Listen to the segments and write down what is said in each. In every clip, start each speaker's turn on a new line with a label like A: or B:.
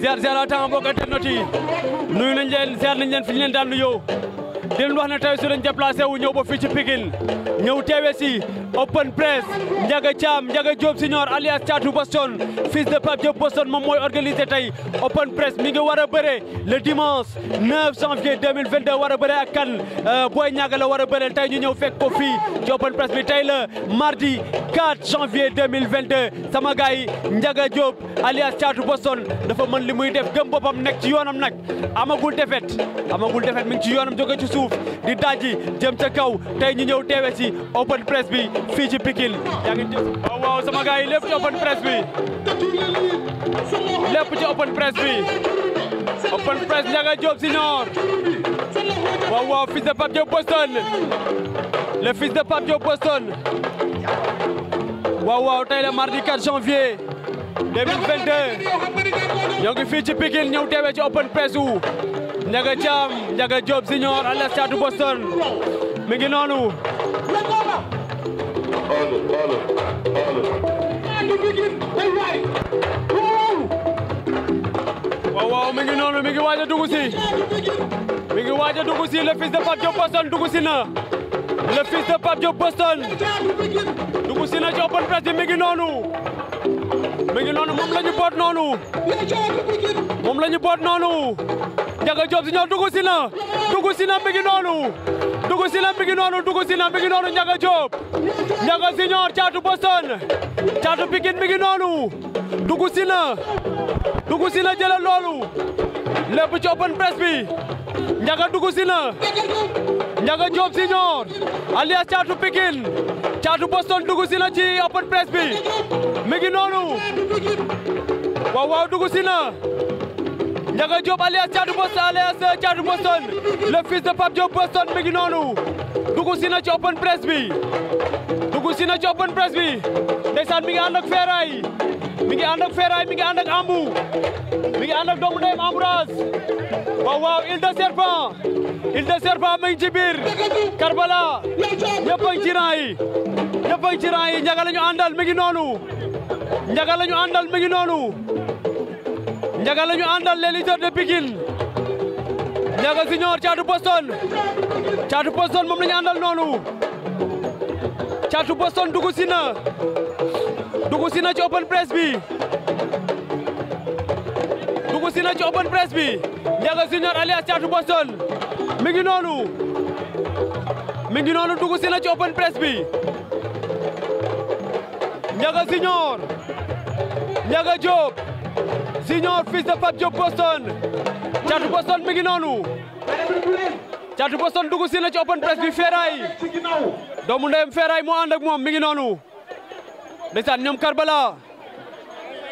A: ziar ziar a taxa mbokk internet yi nuyu nañ leen ziar nañ leen fi ñu leen di leen wax ne tey su leen déplacé wu ñëw ba fii ci Pikine ñëw teewe si open press Ndiaga Thiam Ndiaga Diop senior alias Thiatou Boston fils de Pape Diop Boston moom mooy organisé tey open press mi ngi war a bëre le dimanche 9 janvier 2022 war a bëre ak kan euh, Boy Niang la war a bëre tey ñu ñëw fekk ko fi ci open press bi tey la mardi 4 janvier 2022 sama gars yi Ndiaga Diop alias Thiatou Boston dafa mën li muy def gëm boppam nekk ci yoonam nag amagul defet amagul defet mi ngi ci suuf di dajji jëm ca kaw tey ñu ñëw bi fii ci Pikine yaa ngi waaw waaw bi de Pape Boston le fils de Pape Boston waaw waaw tey mardi 4 janvier 2022 ñoo ngi fii ci Pikine ñëw teewe open press wu Ndiaga Thiam Ndiaga Diop Senior alias Thiatou Boston mi ngi noonu waaw waaw mi ngi noonu mi ngi waaj a dugg si mi ngi waaj a dugg si le fils de Pape Diop Boston dugg si na le fils de Pape Diop Boston dugg si na ci open press bi mi ngi noonu mi ngi noonu moom la ñu boot noonu moom la ñu boot noonu Ndiaga Diop Junior dugg si na dugg si na mi ngi noonu dugg si na mi ngi noonu caatu Boston caatu Pikine mi ngi noonu dugg si na dugg ci open press bi Ndiaga dugg si na Ndiaga Diop Junior caatu Pikine caatu Boston dugg si na ci open press bi mi ngi noonu Ndiaga Diop alias Thiatou Boston alias Thiatou Boston le fils de Pape Diop Boston ngi noonu dugg si na ci open press bi dugg si na ci open press bi ndeysaan mi ngi ànd ak mi ngi ànd ak mi ngi ànd Ambu mi ngi ànd ak doomu ndeyam Ambroise waaw waaw Île de Serpent Île de Serpent mi ngi ci Karbala ñëpp a ngi ci rang yi a ci rang yi la ñu àndal mi ngi noonu Ndiaga la ñu àndal mi ngi noonu Ndiaga la ñu àndal les lutteurs de Pikine Ndiaga Junior Thiatou Boston Thiatou Boston moom la noonu Thiatou Boston dugg si na dugg ci open press bi dugg na ci open press bi Ndiaga Junior alias Thiatou Boston mi ngi noonu mi ngi noonu dugg si na ci open press bi Ndiaga Junior Ndiaga Junior fils de Pape Diop Boston Caatu Boston mi noonu Caatu Boston dugg si na ci open press bi Feeraay doomu ndeyam Feeraay moo ànd ak moom mi ngi noonu ñoom Karbala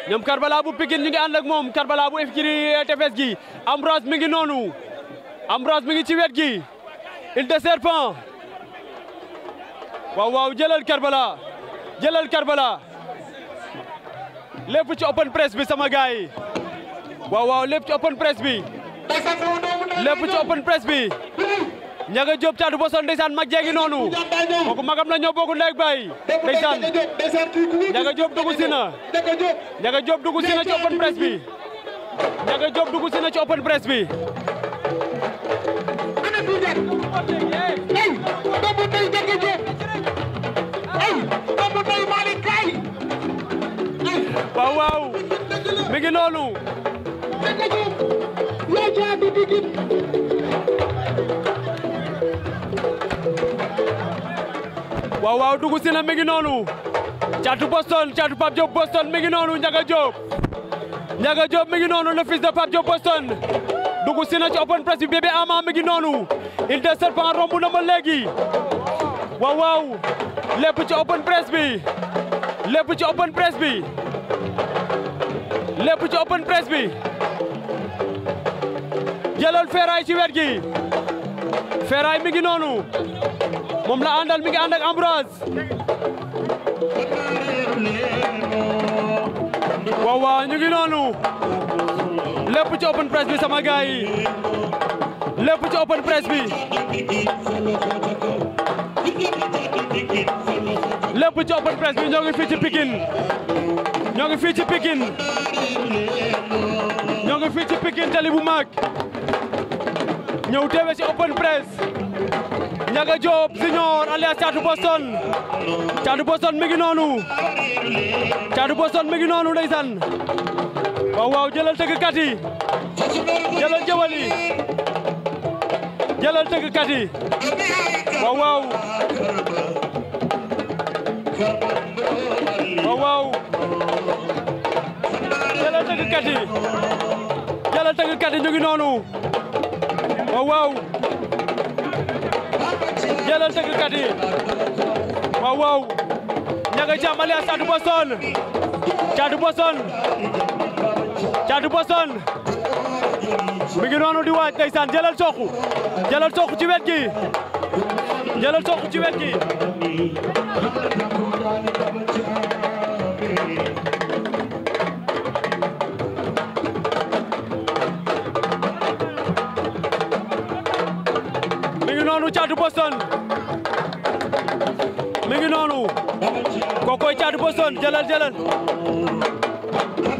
A: ñoom Karbala bu Pikine ñu ngi ànd ak moom Karbala bu Efkiri eh, tefes gi Ambroise mi ngi noonu Ambroise mi ngi ci wet gi Île de Serpent waaw waaw jëlal Karbala jëlal Karbala lépp ci open press bi sama gars yi waaw waaw lépp ci open press bi lépp ci open press bi ñaga Diop caatu boson ndeysaan mag jeegi noonu kooku magam la ñoo bokk ndey ak baay ndeysaan ñaga Diop dugg si na ñaga Diop dugg si na ci open press bi ñaga Diop dugg si na ci open press bi waaw mi ngi noonu dugg si na mi ngi noonu caatu Boston caatu Pape Diop Boston mi ngi noonu Ndiaga Diop Ndiaga Diop mi ngi noonu le fils de Pape Diop Boston dugg si na ci open press bi bébé mi ngi noonu il de serpent romb na ma léegi waaw waaw ci open press bi ci open press lépp ci open press bi jëlal ci wet gi Ferraille mi ngi noonu moom la àndal mi ngi ànd ak Ambroise ñu ngi noonu lépp ci open press bi sama gars yi ci open press bi lépp ci open ñoo ngi fii ci Pikine ñoo ngi fii ci Pikine tali bu mag ñëw teewe ci open press Ndiaga Diop Junior alias Thiatou Boston Thiatou Boston mi ngi noonu Thiatou Boston mi ngi noonu ndeysaan waaw waaw jëlal tëggkat yi jëlal jëwal yi jëlal jëlal tëggkat yi jëlal tëggkat yi ñu ngi noonu oh, waaw waaw jëlal tëggkat yi waaw oh, waaw ña nga jàmmale ak Thiatou Boston Thiatou Boston Thiatou Boston mi noonu di waaj ndeysaan jëlal soq jëlal soq ci wet gi jëlal soq ci wet gi caatu Boston mi ngi noonu kooku caatu Boston jëlal jëlal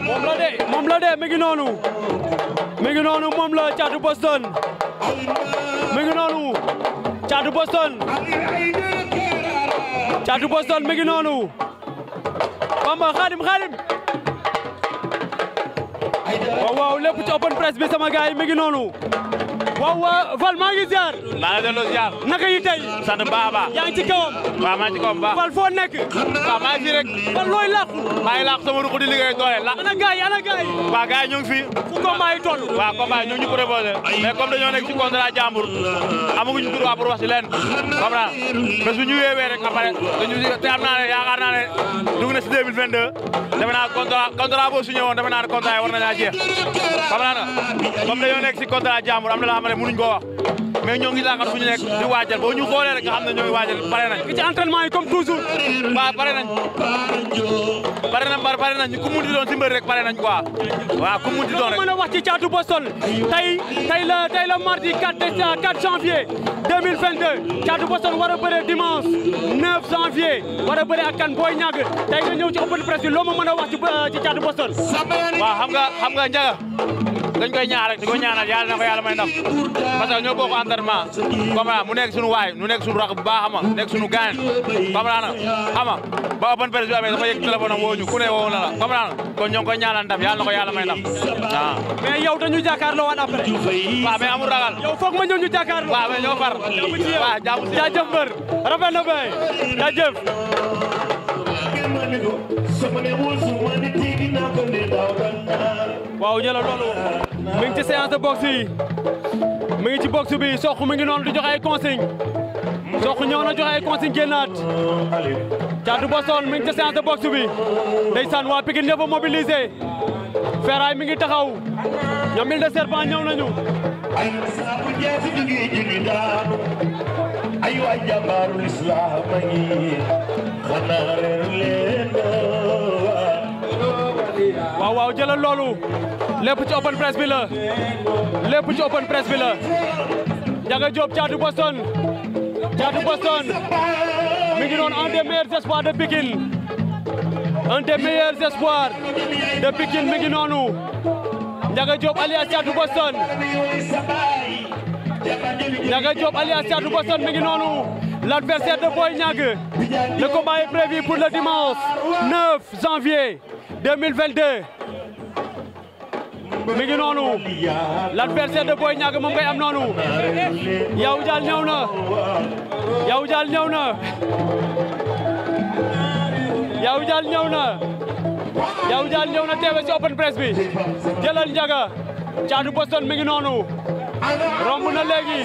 A: moom la de moom la de mi ngi noonu mi ngi noonu moom la caatu Boston mi ngi noonu caatu Boston caatu Boston mi noonu Bamba Xaadim Xaadim waaw waaw open press bi sama gaay noonu waaw waaw Fall maa ngi ziar. maa ngi delloo ziar. naka yi tey. sant bu baax a baax. yaa ngi ci kawam. waaw maa ngi ci kawam rek. Fall looy làqu. maa ngi làqu sama ruq di liggéey doole la. ana gars yi ana gars yi. waaw gars yi ñu ngi fi. fu combat yi toll. waaw combat yi ñu ngi ñu proposé. mais comme dañoo nekk ci contrat jàmbur amaguñu droit pour wax ci leen xam naa bés te am naa ne yaakaar naa ne na si 2022 defe naa contrat contrat boo signé yi war nañaa jeex xam naa na comme dañoo nekk si contrat jàmbur am na 말에 무는 거야. mais ñoo ngi laaxal fu ñu nekk di waajal boo ñu xoolee rek nga xam ne ñoo ngi waajal pare nañ ci entraînement yi comme toujours waaw pare nañ pare nañ pare nañ ku mu di doon si mbër rek pare nañ quoi waaw ku mu di doon rek mën wax ci caatu Boston tey tey la tey la mardi 4 4 ah, janvier 2022 caatu Boston war a bëre dimanche 9 janvier war a bëre ak kan Boy Niang tey nga ñëw ci open press bi loo ma mën a wax ci euh, ci caatu Boston waaw xam nga xam nga njaga
B: dañ koy ñaan rek di ko ñaanal yàlla na ko yàlla may ndam parce que bokk entraînement comprendre mu nekk suñu waay mu nekk suñu rakk bu baax xam sunu gan. suñu na, comprendre ba open presse bi
A: amee dafa yëg am ku ne na la comprendre kon ñoo ngi koy ñaanal ndam yàlla na ko may ndam waaw mais yow dañu jàkkaarloo waan après waaw mais amul ragal yow foog ma ñu jàkkaarloo ñoo far na bay mu ngi ci box bi mi ngi noonu di joxe ay consigne Sokh ñëw na joxe ay consigne génnaat Thiatou Boston mi ngi ci séance de box bi ndeysaan waa Pikine ñëpp a mi ngi taxaw ñoom Ile de Serpent ñëw nañu. ay waay jàmbaaru lislaam a ngi xanaa reer leen waaw waaw jëlal loolu lève ci open press bi lève lépp open press bi la job, Diop du Boston du Boston mi non un des meilleurs espoirs de Pekin un des meilleurs espoirs de Pikine mi ngi noonu job, Diop alias du Boston Ndiaga Diop alias du Boston mi l'adversaire de Boy le combat est prévu pour le dimanche 9 janvier 2022 mi ngi noonu l'adversaire de Boy Niang moom ngay am noonu Yawou Dial na Yawou Dial na Yawou Dial na teewe ci open press bi jëlal caatu Boston mi ngi noonu romb na léegi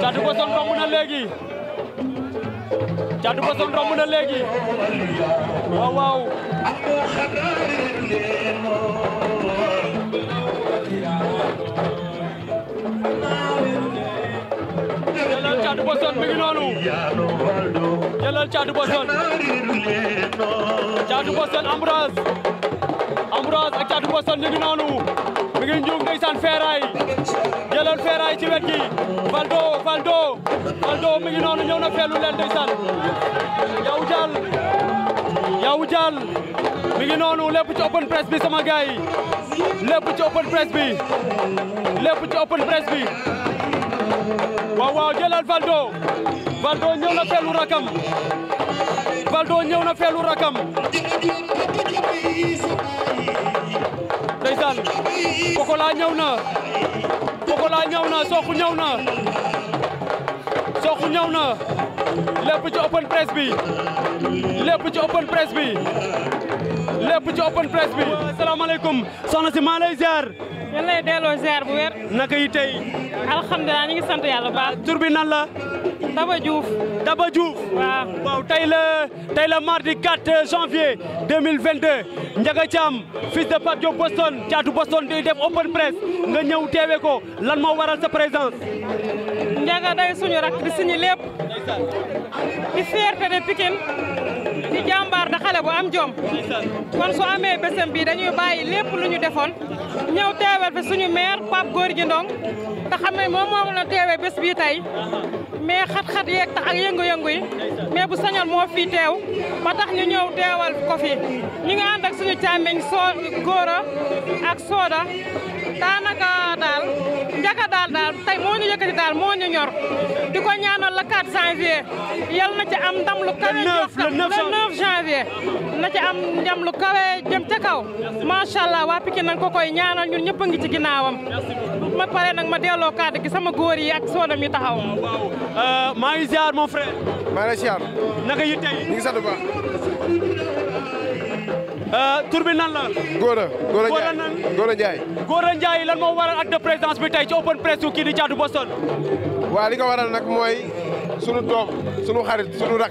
A: caatu Boston romb na léegi caatu Thiatou Boston mi ngi noonu jëlal Thiatou a Thiatou Boston Ambroise Ambroise ak Thiatou Boston ñu ngi noonu mi ngi njuug ndeysaan Feeraay jëlal Feeraay ci wet gi Valdo Valdo Valdo mi ngi noonu ñëw na feelu leen ndeysaan yaw jàll yaw jàll mi ci open press bi sama ci open press bi ci open press waaw jëlal Valdo Valdo ñëw na feelu rakam Valdo ñëw na feelu rakam ndeysaan Pokola ñëw na Pokola ñëw na Sokhu ñëw na Sokhu ñëw na lépp ci open press bi lépp ci open press bi lépp ci open press bi salaamaaleykum soxna si maa lay ziar. yéen lay delloo ziar bu wér. naka yi tey. alhamdulilah ñu ngi sant yàlla bu baax. tur bi nan la. Daba Diouf. Daba Diouf. waaw waaw tey la tey la mardi 4 janvier 2022 Ndiaga Thiam fils de Pape Diop Boston caatu Boston di def open press nga ñëw teewe ko lan moo waral sa présence. Ndiaga day suñu
C: rakk di suñu lépp di fierté de Pikine. di jàmbaar da xale bu am jom kon su amee bésam bi dañuy bàyyi lépp lu ñu defoon ñëw teewal fi suñu maire Pape Gorgui Ndong te xam ne moom moom teewee bés bii tey mais xat-xat yeeg tax ak yëngu-yëngu yi mais bu sañoon moo fii teew ba tax ñu ñëw teewal ko fi ñu ngi ànd suñu càmmiñ góora ak sooda daanaka daal njaka daal daal moo ñu yëkkati daal moo ñu ñor di ko ñaanal la 4 janvier yal na ci am ndam lu kawe le 19 janvier na ci am ndam lu kawé jëm ci kaw sha allah wa piki nañ ko koy ñaanal ñun ñepp ngi ci ginaawam ma paré nak ma délo kàddu gi sama goor yi ak soodam yi taxaw. Euh,
A: ma ngi ziar mon frère. ma ngi ziar. naka yi tey. ngi sant bu baax. Euh, nan la. Gora Gora Ndiaye Gora Ndiaye. Gora Ndiaye lan moo waral acte de présence bi ci open press su di Thiatou Boston.
C: waa li ko waral sunu doom sunu xarit sunu rak.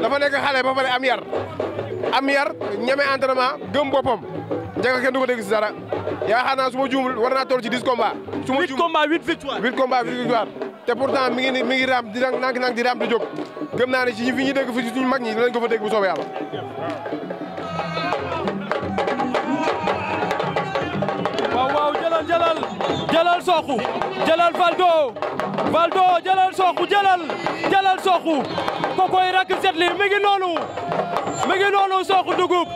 C: dafa nekk xale ba pare am yar am yar ñeme entraînement gëm boppam njëkk kenn du ko dégg si dara yaakaar naa su ma juumul war naa toll ci 10 combats. su ma juumul 8 combats 8 victoire 8 combats 8 victoire te pourtant mi ngi mi ngi raam di nank nank di raam di jóg gëm naa ne ci ñi fi ñuy dégg fi suñu mag ñi dinañ ko fa dégg bu soobee yàlla.
A: waaw waaw Jalal Jalal Jalal Sokh Jalal Valdo. Valdo jëlal soxu jëlal jëlal soxu kokoy rak setli mi ngi noonu mi ngi noonu soxu dugub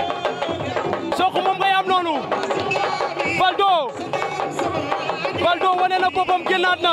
A: soxu moom ngay am noonu Valdo Valdo wane na boppam génnaat na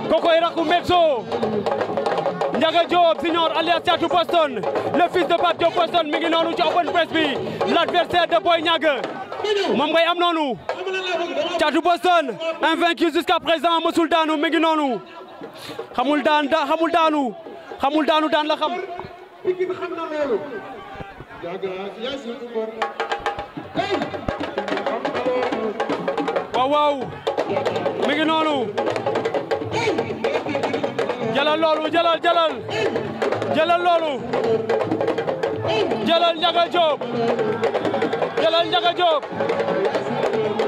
A: Coco Erakou Mebzo Ndiaga Diop Signor alias Thiatou Boston le fils de Pape Diop Boston mi ngi open press l'adversaire de Boy Niang moom ngay am Boston, un Boston invaincu jusqu'à présent mësul daanu mi ngi noonu xamul xamul xamul la xam waaw waaw jëlal loolu jëlal jëlal jëlal loolu jëlal Ndiaga Diop jëlal Ndiaga Diop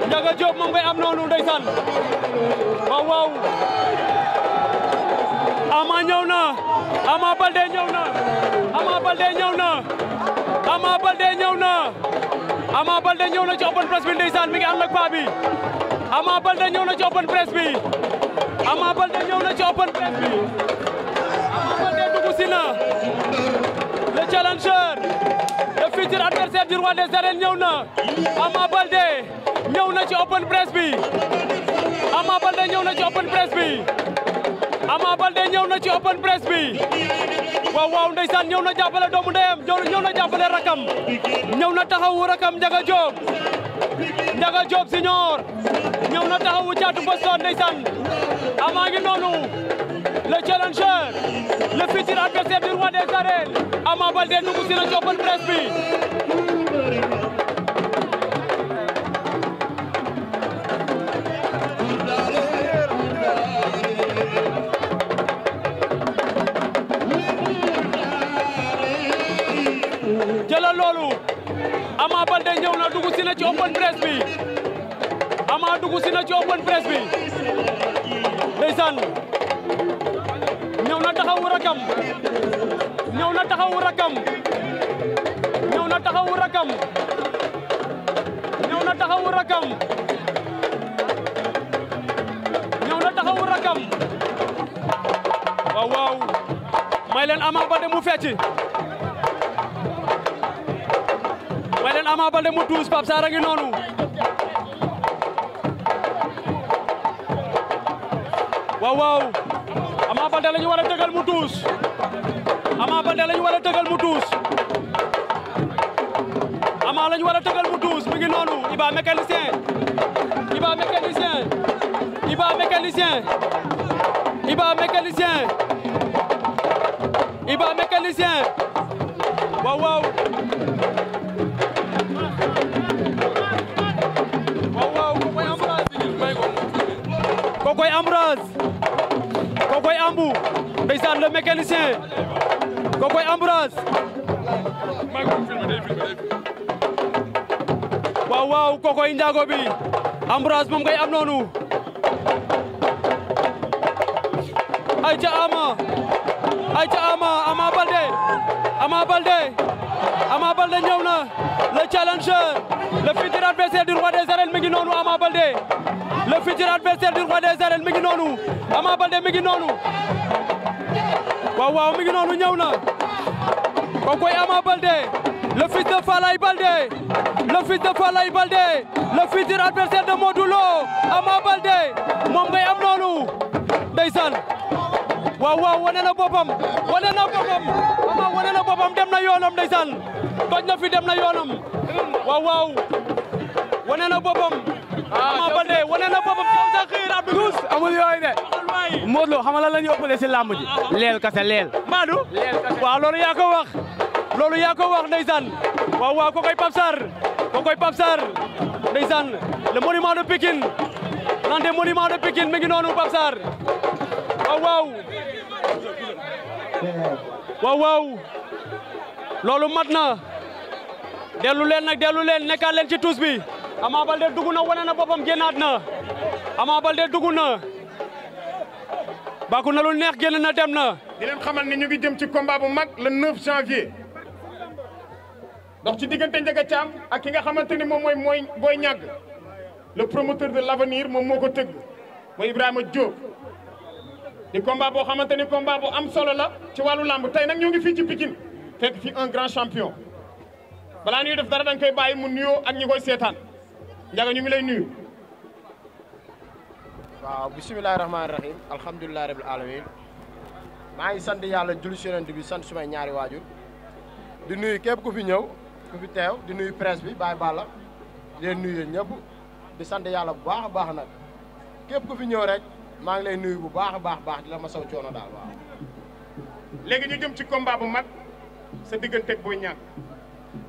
A: Ndiaga Diop mu am noonu ndeysaan waaw waaw Ama ñëw na Ama Baldé ñëw na Ama Baldé ñëw na Ama Baldé ñëw na Ama Baldé ñëw na ci open press mi ngi ànd ak Ama Baldé ñëw na ci open Ama Baldé ñëw na ci open press bi Ama Baldé dugg si na le challenger le futur adversaire du roi des arènes ñëw na Ama Baldé ñëw na ci open press bi Ama Baldé ñëw na ci open press bi Ama Baldé ñëw na ci open press bi waaw waaw ndeysaan na jàppale doomu ndeyam ñëw na jàppale rakam ñëw na taxawu rakam Ndiaga Diop Ndiaga Diop Junior ñëw na taxawu Thiatou Boston ndeysaan amaa ngi noonu le challenger le futur adversaire du roi des arènes Ama Baldé dugg si na ci press bi jëlal loolu a Ama Baldé ñëw na dugg si na ci open press bi Ama dugg si na ci open press bi ndeysaan ñëw na taxawu rakam ñëw na taxawu rakam ñëw na taxawu rakam ñëw na taxawu rakam ñëw na taxawu rakam a waaw may leen Ama Baldé mu fecci may leen Ama Baldé mu tuus Pape Sarr a ngi noonu waaw waaw Ama Baldé la ñu war a tëgal mu tuus Ama Baldé la ñu war a tëgal mu tuus Ama la ñu war a tëgal mu tuus mi ngi noonu Iba mécanicien Iba mécanicien Iba mécanicien Iba mécanicien Iba mécanicien waaw waaw kokoy Ambroise kokoy Ambu ndeysaan le mécanicien kokoy Ambroise waaw kokoy njaago bi Ambroise moom ngay am noonu ay ca ama ay ca ama ama balde ama balde ama balde ñëw na le challenger le futur adversaire du roi des arènes mi ngi noonu ama balde le futur adversaire du roi des arènes mi ngi noonu Ama Baldé mi noonu waaw mi noonu ñëw na ko koy Ama Baldé le fils de Falaye Baldé le fils de Falaye Baldé le Ama Baldé moom ngay am noonu ndeysaan waaw waaw wane na boppam wane na boppam Ama wane na boppam na yoonam ndeysaan toj na yoonam waaw waaw wane na Ama Baldé wane na boppam kaw sa xëy na tous amul yooyu de Modou Lo xam si làmb leel kase leel maadu leel kase loolu yaako ko wax loolu yaa ko wax ndeysaan waaw waaw ko koy Pape Sarr ko koy Pape Sarr ndeysaan le monument de Pikine l'un des monuments mi ngi noonu Pape Sarr waaw waaw loolu mat na dellu leen nag dellu leen nekkaat leen ci tuus bi Ama balde duguna na bopam gennatna Ama balde duguna na
B: bàkku na lu neex génn na dem di len xamal ne ñu ngi dem ci combat bu mag le 9 janvier dox ci diggante ndega cham ak ki nga xamanteni mom moy moy Boy ñag le promoteur de l'avenir mom moko teug moy Ibrahima Diop. di combat bo xamanteni combat bu am solo la ci walu lamb tay nak ñu ngi fi ci Pikine fekk fi un grand champion balaa ñuy def dara dang kay bàyyi mu nuyo ak ñi koy seetaan. Ndiaga ñu ngi lay nuyu.
C: waaw bisimilah rahmaani rahiim alhamdulilah rabil alamin maa ngi sant yàlla julli si yonent bi sant sumay ñaari waajur di nuyu képp ku fi ñëw ku fi teew di nuyu presse bi Baye Balla di leen nuyu ñëpp di sant yàlla bu baax a baax nag képp ku fi ñëw rek maa ngi lay nuyu bu baax
B: a baax baax di la ma saw coono daal waaw. léegi ñu jëm ci combat bu mag sa diggante Boy Niang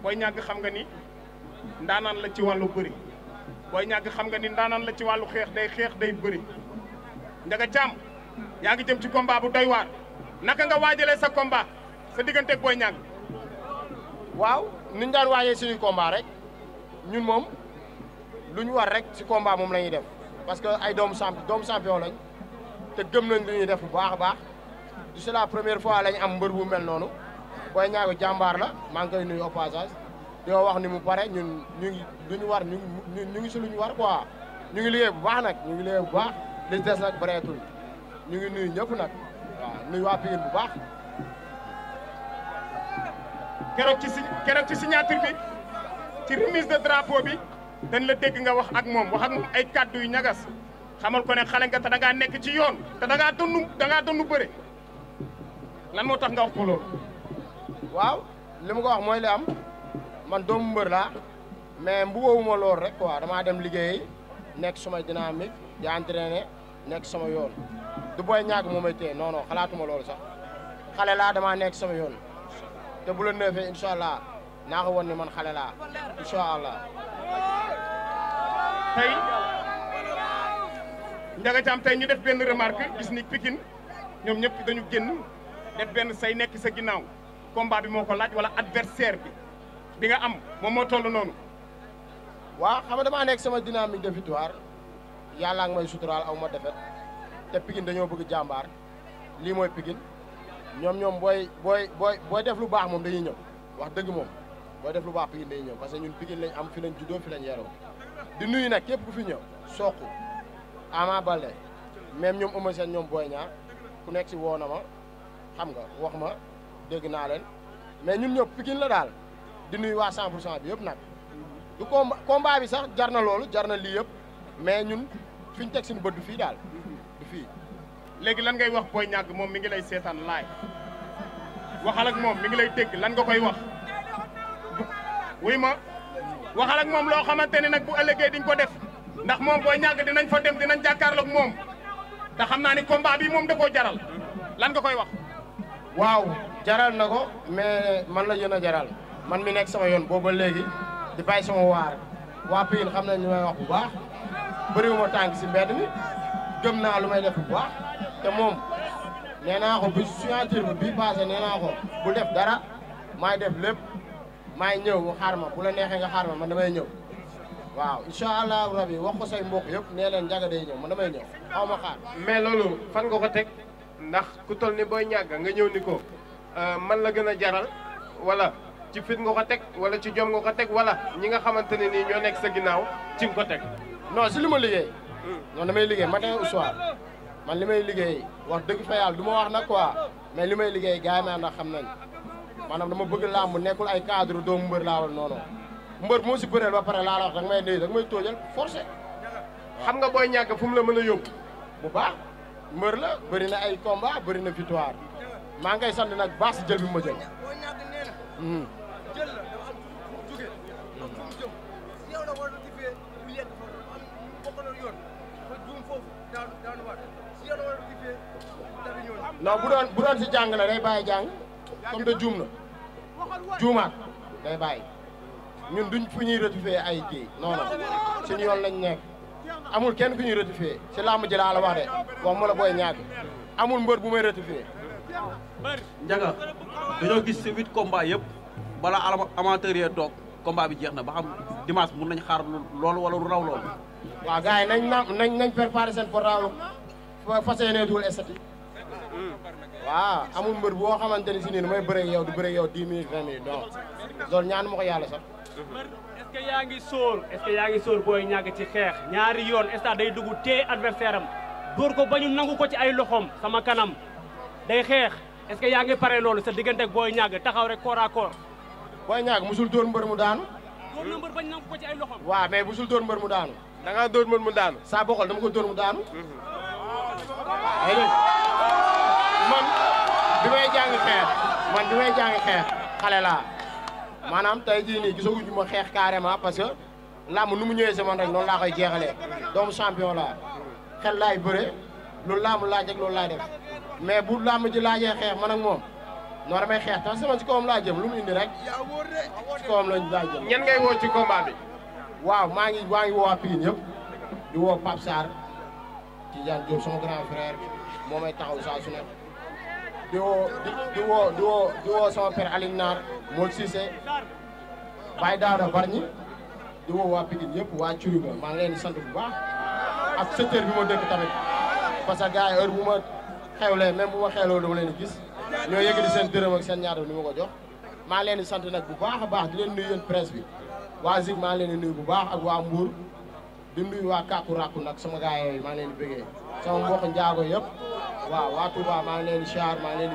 B: Boy Niang xam nga ni ndaanaan la ci wàllu bëri. booy ñàgg xam nga ni ndaanaan la ci wàllu xeex day xeex day bëri Ndiaga Thiam yaa ngi jëm ci combat bu doy waar naka nga waajalee sa combat sa diggante booy ñàgg waaw ni ñu daan waajee suñu combat rek ñun moom
C: lu ñu war rek ci combat moom la ñuy def parce que ay doomu champion doomu champion lañ te gëm nañ li ñuy def bu baax a baax c'est la première fois lañ am mbër bu mel noonu booy ñaago jàmbaar na maa ngi koy nuyu au ñoo wax ni mu pare ñun ñu ngi lu ñu war ñu ngi ñu ngi si lu ñu war quoi ñu ngi liggéey bu baax nag ñu ngi liggéey bu baax li des nag
B: ñu ngi nuyu ñëpp nag waaw wax waa Pikine bu baax. keroog ci si keroog ci bi ci remise de drapeau bi dañ la dégg nga wax ak moom wax ak moom ay kàddu yu ñagas xamal ko ne xale nga te da nekk ci yoon te da ngaa dund da bëre lan moo tax nga wax ko loolu. waaw
C: wax mooy li am. man doomu mbër laa mais mbuboowuma loolu rek quoi dama dem liggéey nek sumay dynamique di entraîner nek sama yoon du boy ñag momay té non non xalaatuma loolu sax xalé la dama nek sama yoon té bu la neufé inshallah allah nga won ni man xalé la inshallah allah.
B: ndaga tam tay ñu def ben remarque gis ni Pikine ñom ñep dañu genn def ben say nek sa ginnaw combat bi moko laaj wala adversaire bi di nga am mom mo tollu noonu. wa xam nga
C: damaa sama dynamique de victoire yalla ngi may sutural awma defet te pigine dañu bëgg nyom li moy pigine ñom ñom boy boy boy boy def lu baax mom dañuy ñëw wax deug mom boy def lu baax Pikine dañuy ñëw parce que ñun pigine lañ am fi lañ juddoo fi lañ yaroo di nuyu nak kep ku fi ñëw soxu Ama balé même ñom sen ñom Boy ñaar ku nek ci wonama xam nga wax ma dégg naa mais ñun ñop pigine la dal di nuyu waa 100 pour cent bi yëpp nag du combat combat bi sax jar na
B: loolu jar na lii yëpp mais ñun fi ñu teg suñu bët du fii daal du fii. léegi lan ngay wax Boy Niang moom mi ngi lay seetaan laay waxal ak moom mi ngi lay dégg lan nga koy wax wuy ma waxal ak moom loo xamante ni nag bu ëllëgee diñ ko def ndax moom Boy Niang dinañ fa dem dinañ jàkkaarloog moom te xam naa ni combat bi moom da jaral lan nga koy wax.
C: waaw jaral na ko mais man la gën a jaral. man mi nekk sama yoon booba léegi di bàyyi sama waar waa Pikine xam nañ li may wax bu baax bëriwuma tànk si mbedd mi gëm naa lu may def bu baax te moom nee naa ko bi signature bi bii passé nee naa ko bu def dara maay def lépp maay ñëw mu xaar ma bu la neexee nga xaar ma man damay ñëw waaw incha allahu rabi wax ko say mbokk yëpp nee leen njaga day ñëw man damay ñëw aw ma xaar. mais loolu fan nga ko
B: teg ndax ku toll ni booy ñàgg nga ñëw ni ko euh, man la gën a jaral wala. ci fit nga ko teg wala ci jom nga ko teg wala ñi nga xamante ne nii ñoo nekk sa ginnaaw
C: ci nga ko teg. non si li ma liggéey. Hmm. na damay liggéey matin au soir man li may liggéey wax dëgg fa yàlla du ma wax nag quoi mais li may liggéey gars yi maanaam xam nañ maanaam dama bëgg làmb nekkul ay cadre doomu mbër laa wala mbër moo si bëreel ba pare laa la wax danga may nuyu danga may tóojal forcé xam nga booy ñàkk fu mu la mën a yóbbu bu baax mbër la bëri na ay combat bëri na victoire maa ngay sant nag baax si ma jël hmm. non bu doon bu doon si jàng la jàng comme de juum na juumaat day bàyyi ñun duñ fu ñuy ratifié ay kii non non suñu yoon lañ nekk amul kenn ku ñuy ratifié si làmb ji laa la wax de wax ma la booy ñaag amul mbër bu may ratifié. Ndiaga dañoo gis si huit combats yëpp bala amateur yee toog combat bi jeex na ba xam dimanche mun nañ xaar loolu wala lu raw loolu. waaw gars yi nañ nañ nañ préparé seen programme fa fas yéenee waaw amul mbër boo xamante ni si nii may bëre yow di bëre yow dix minutes vingt minutes donc loolu ñaan ma ko yàlla sax.
A: est-ce que yaa ngi sóor est-ce que yaa ngi sóor booy
D: ñàgg ci xeex ñaari yoon est day dugg téye adversaire am dóor ko ba ñu nangu ko ci ay loxoom sama kanam day xeex est-ce que yaa ngi pare loolu sa diggante ak booy taxaw rek corps à corps.
C: booy ñàgg musul dóor mbër mu daanu. dóor na mbër ba ñu nangu ko ci ay loxoom. waaw mais musul dóor mbër mu daanu. da ngaa dóor mbër mu daanu. saa bokkal dama ko mu daanu. Mhm. may jàng xeex man bi may jàng xeex xale laa maanaam tey jii nii gisaguñu xeex carrément parce que làmb nu mu ñëwee si man rek noonu laa koy jeexalee doomu champion laa xel laay bëre loolu làmb laaj rek loolu laay def mais bu làmb ji laajee xeex man ak moom noonu damay xeex tax sama ci kawam laa jëm lu mu indi rek ci kawam lañ laa jëm. ñan ngay woo ci combat waaw maa ngi maa ngi woo waa Pikine di woo Pape Sarr Tidiane Diop sama grand frère moo may taxaw saa su di woo di woo di woo di woo sama père Alioune Naar Mol Cissé Baye Daara Bargny di woo waa Pikine yëpp waa Curuba maa ngi leen di sant bu baax ak secteur bi moo dëkk tamit parce que gars yi heure bu ma xewlee même bu ma xewloo dama leen di gis ñoo yëkkati seen dërëm seen ñaar ni ma ko jox maa ngi leen di sant nag bu baax a baax di leen nuyu yéen bi waa Zig maa ngi leen di bu baax ak waa Mbour di nuyu waa kàkku ràkku nag sama gaay yooyu maa ngi leen di sama mbokk njaago yépp wa wa Touba ma ngi leen di siyaar ngi leen di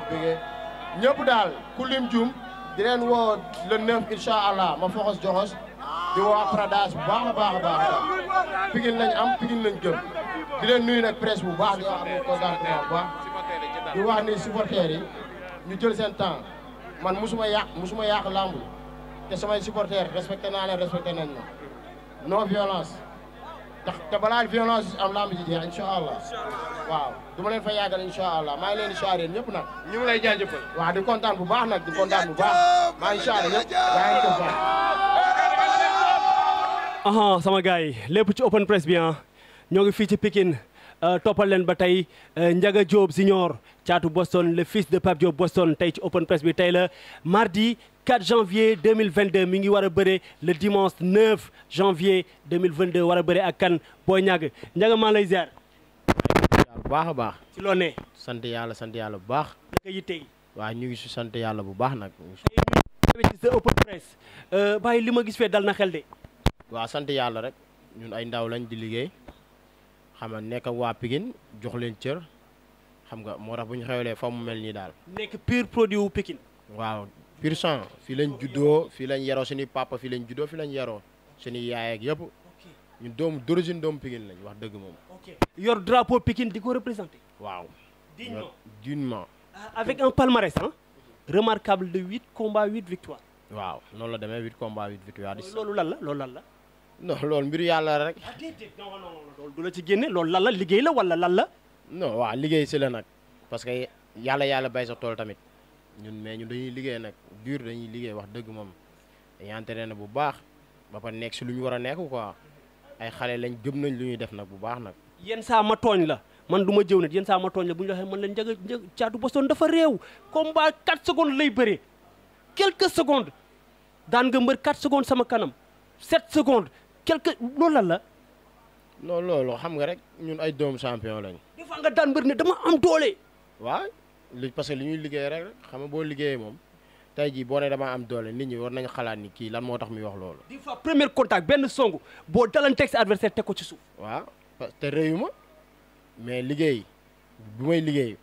C: ku lim jum di leen wo le 9 incha allah ma foxos joxos di wo Pradas bu baax baax baax pigil lañ am pigil lañ gëm di leen nuyu nak presse bu baax yo wax ko dal ko baax di wax ni supporter yi ñu jël sen temps man musuma yaq musuma yaq lamb té sama supporter respecté na leen respecté nañ ma violence ndax te balaa violence am lamb ji jeex incha allah waaw du ma leen fa yàggal incha allah maa leen di chaaree ñëpp nag. ñu ngi lay jaajëfal. waaw di kontaan bu baax nag di kontaan bu baax maa ngi chaaree ñëpp maa ngi kontaan.
D: aha sama gars yi lépp ci open press bi ah. ñoo ngi fii ci pikin Euh, toppal bataille Njaga euh, Ndiaga Diop Boston le fils de Pape Diop Boston tay open press bi tay mardi 4 janvier 2022 mi ngi wara le dimanche 9 janvier 2022 wara
C: à Cannes ak kan Boy ñag Ndiaga ma lay ziar. bu baax à baax. ci lo né sante yalla sante yalla bu baax. da kay yité wa ñu ngi sante yalla bu baax nak
D: ci
C: ce open press euh, bàyyi li ma gis fee dal na xel de. wa sante yalla rek ñun ay ndaw lañ di liggéey xam nga wa waa jox len cër xam nga mo tax bu xewle xewlee fa mu mel nii daal. nekk produit wu Pikine. waaw pur sang fi lañ juddo fi lañ yaro suñuy papa fi lañ juddo fi lañ yaro suñuy yaay ak yëpp ñu doomu d'origine doomu Pikine lañ wax deug mom yor drapeau Pikine diko ko représenté. waaw. dignement dignement ah, avec un palmarès hein remarquable de 8 combats 8 victoires. waaw non la demee 8 combats 8 victoires. lolu lan la lolu lan la. non loolu mbir yàlla rek.
D: ah déedéet non
C: la ci génne loolu lan la liggéey la wala lan la. non waaw liggéey si la nag parce que yàlla yàlla bay sa tool tamit ñun mais ñun dañuy liggéey nag dur dañuy liggéey wax dëgg moom dañuy entraîné bu baax ba pare nekk si lu ñu war a nekku quoi ay xale lañ gëm nañ lu ñuy def nag bu baax nag. yenn saa ma tooñ la man du ma jëw nit yenn saa ma tooñ la bu ñu waxee
D: man leen njëg njëg caatu Boston dafa réew combat 4 secondes lay bëree quelques secondes daan nga mbër 4 secondes sama kanam 7 secondes. quelque loolu lan la.
C: non loolu xam nga rek ñun ay doomu champion lañu. des fois nga daan mbër ne dama am doole. waa li parce que li ñuy liggéey rek xam nga boo liggéeyee moom tey jii boo ne damaa am doole nit ñi war nañu xalaat ni kii lan moo tax muy wax loolu. des fois premier contact benn songu boo teg sa adversaire teg ko ci suuf. waaw te réyu ma mais liggéey bi muy liggéey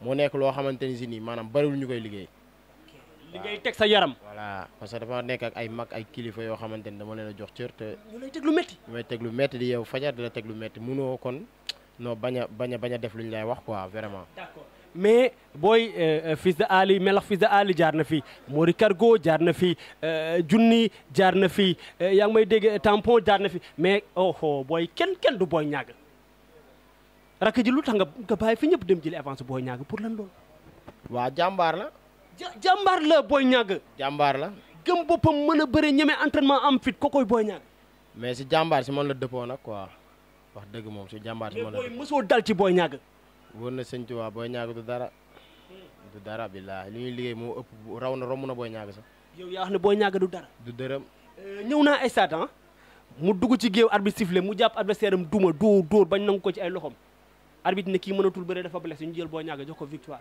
C: moo nekk loo xamante ni si nii maanaam bariwul ñu koy liggéey. li teg sa yaram. voilà parce que dafa ay mag ay kilifa yoo xamante ni dama leen a jox lu métti. ñu lay teg lu métti di yow fajar di la teg lu métti munoo kon non def lu lay wax quoi vraiment.
D: mais booy euh, euh, fils de Ali melax fils de Ali jaar na fi Mori Cargo jaar na fi euh, junni jaar na fi yaa ngi may dégg tampon jaar na fi mais oh, oh booy kenn kenn du booy ñàgg rakk ji lu tax nga nga fi ñëpp dem jëli avance booy ñàgg pour lan loolu. waa jàmbaar la. jàmbaar la booy Niang jàmbaar la gëm boppam mën a bëre ñeme entraînement am fit ko koy Boy Niang
C: mais si jàmbaar si mën la dëppoo nag quoi wax dëgg moom si jàmbaar si man la dëppoo mosoo dal ci Boy Niang wóor na sëñ Tuubaa Boy Niang du dara du dara billaahi li ñuy liggéey moo ëpp raw na romb na Boy Niang sax
D: yow yaa wax ne Boy Niang du dara
C: du dërëm euh, ñëw naa stade ah. mu dugg
D: ci géew arbitre sifflé mu jàpp adversaire am duma dóor dóor bañ nangu ko ci ay loxom arbitre ne kii mënatul bëre dafa blessé ñu jël Boy Niang jox ko victoire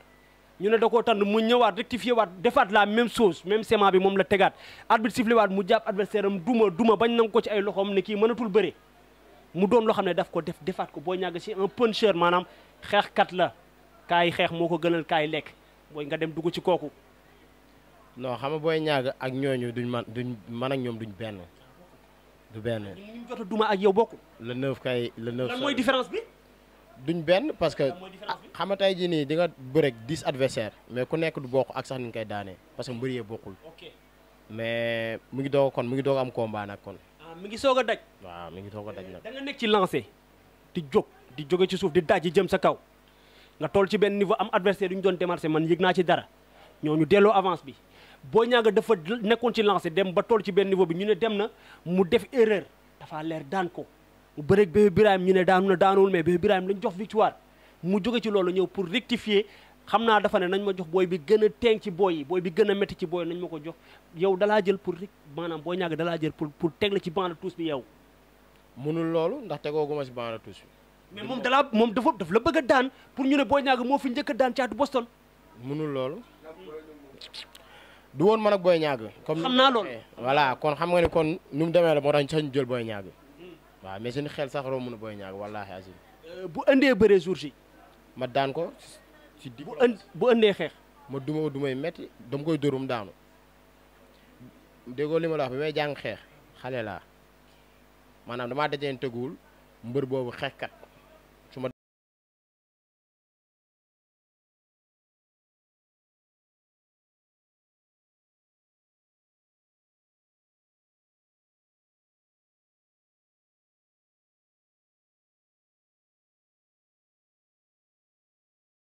D: ñu ne da koo tànn mu ñëwaat rectifié waat defaat la même chose même sément bi moom la tegaat arbitre sifflé waat mu jàpp adversaire am duma duma bañ nangu ko ci ay loxoom ne kii mënatul bëre mu doon loo xam ne daf ko def defaat ko booy ñàgg si un puncheur maanaam xeex kat la kaay xeex moo ko gënal kaay lekk booy nga dem dugg ci kooku.
C: noo xam nga booy ñàgg ak ñooñu duñ man duñ man ak ñoom duñ benn du benn. li ñu jot a duma ak yow bokk. le neuf kay le neuf. lan différence bi. duñ benn parce que xam nga tey jii nii di nga bërek dix adversaire mais ku nekk du bokk ak sax ni nga koy daanee parce que mbër yee bokkul. mais mu ngi doog kon mu ngi doog am combat nag kon.
D: Ah, mi ngi soog a daj. waaw mi ngi soog a daj nag. da nga nekk ci lancé di jóg di jóge ci suuf di daj jëm sa kaw nga tool ci benn niveau am adversaire yu ñu doon démarché man yëg naa ci dara ñoo ñu delloo avance bi boo ñaaga dafa nekkoon ci lancé dem ba tool ci benn niveau bi ñu ne dem na mu def erreur dafa leer daan mu bëreeg bébé Birahim ñu ne daanu na daanuwul mais bébé Birahim lañ jox victoire mu jóge ci loolu ñëw pour rectifier xam naa dafa ne nañ ma jox booy bi gën a teeng ci booy yi booy bi gën a métti ci booy nañ ma ko jox yow dalaa jël pour rek maanaam booy ñàgg dalaa jël pour pour teg la ci banc de touche bi yow mënul
C: loolu ndax tegooguma ci banc de touche bi mais moom dalaa moom dafa daf la bëgg a daan pour ñu ne booy ñàgg moo fi njëkk a daan caatu Boston mënul loolu du woon mën ak booy ñàgg comme xam naa loolu eh, voilà kon xam nga ne kon ñu demee la moo tax ñu jël booy ñàgg waaw mais suñu xel sax romb na Boy Niang wallaahi azim. Euh, bu ëndee bëree jour ji. ma daan ko ci bu bu ëndee xeex. ma duma du may metti dama koy dóorum daanu déggoo li ma la wax bi may jàng xeex xale la maanaam damaa dajeen teguwul mbër boobu xeexkat.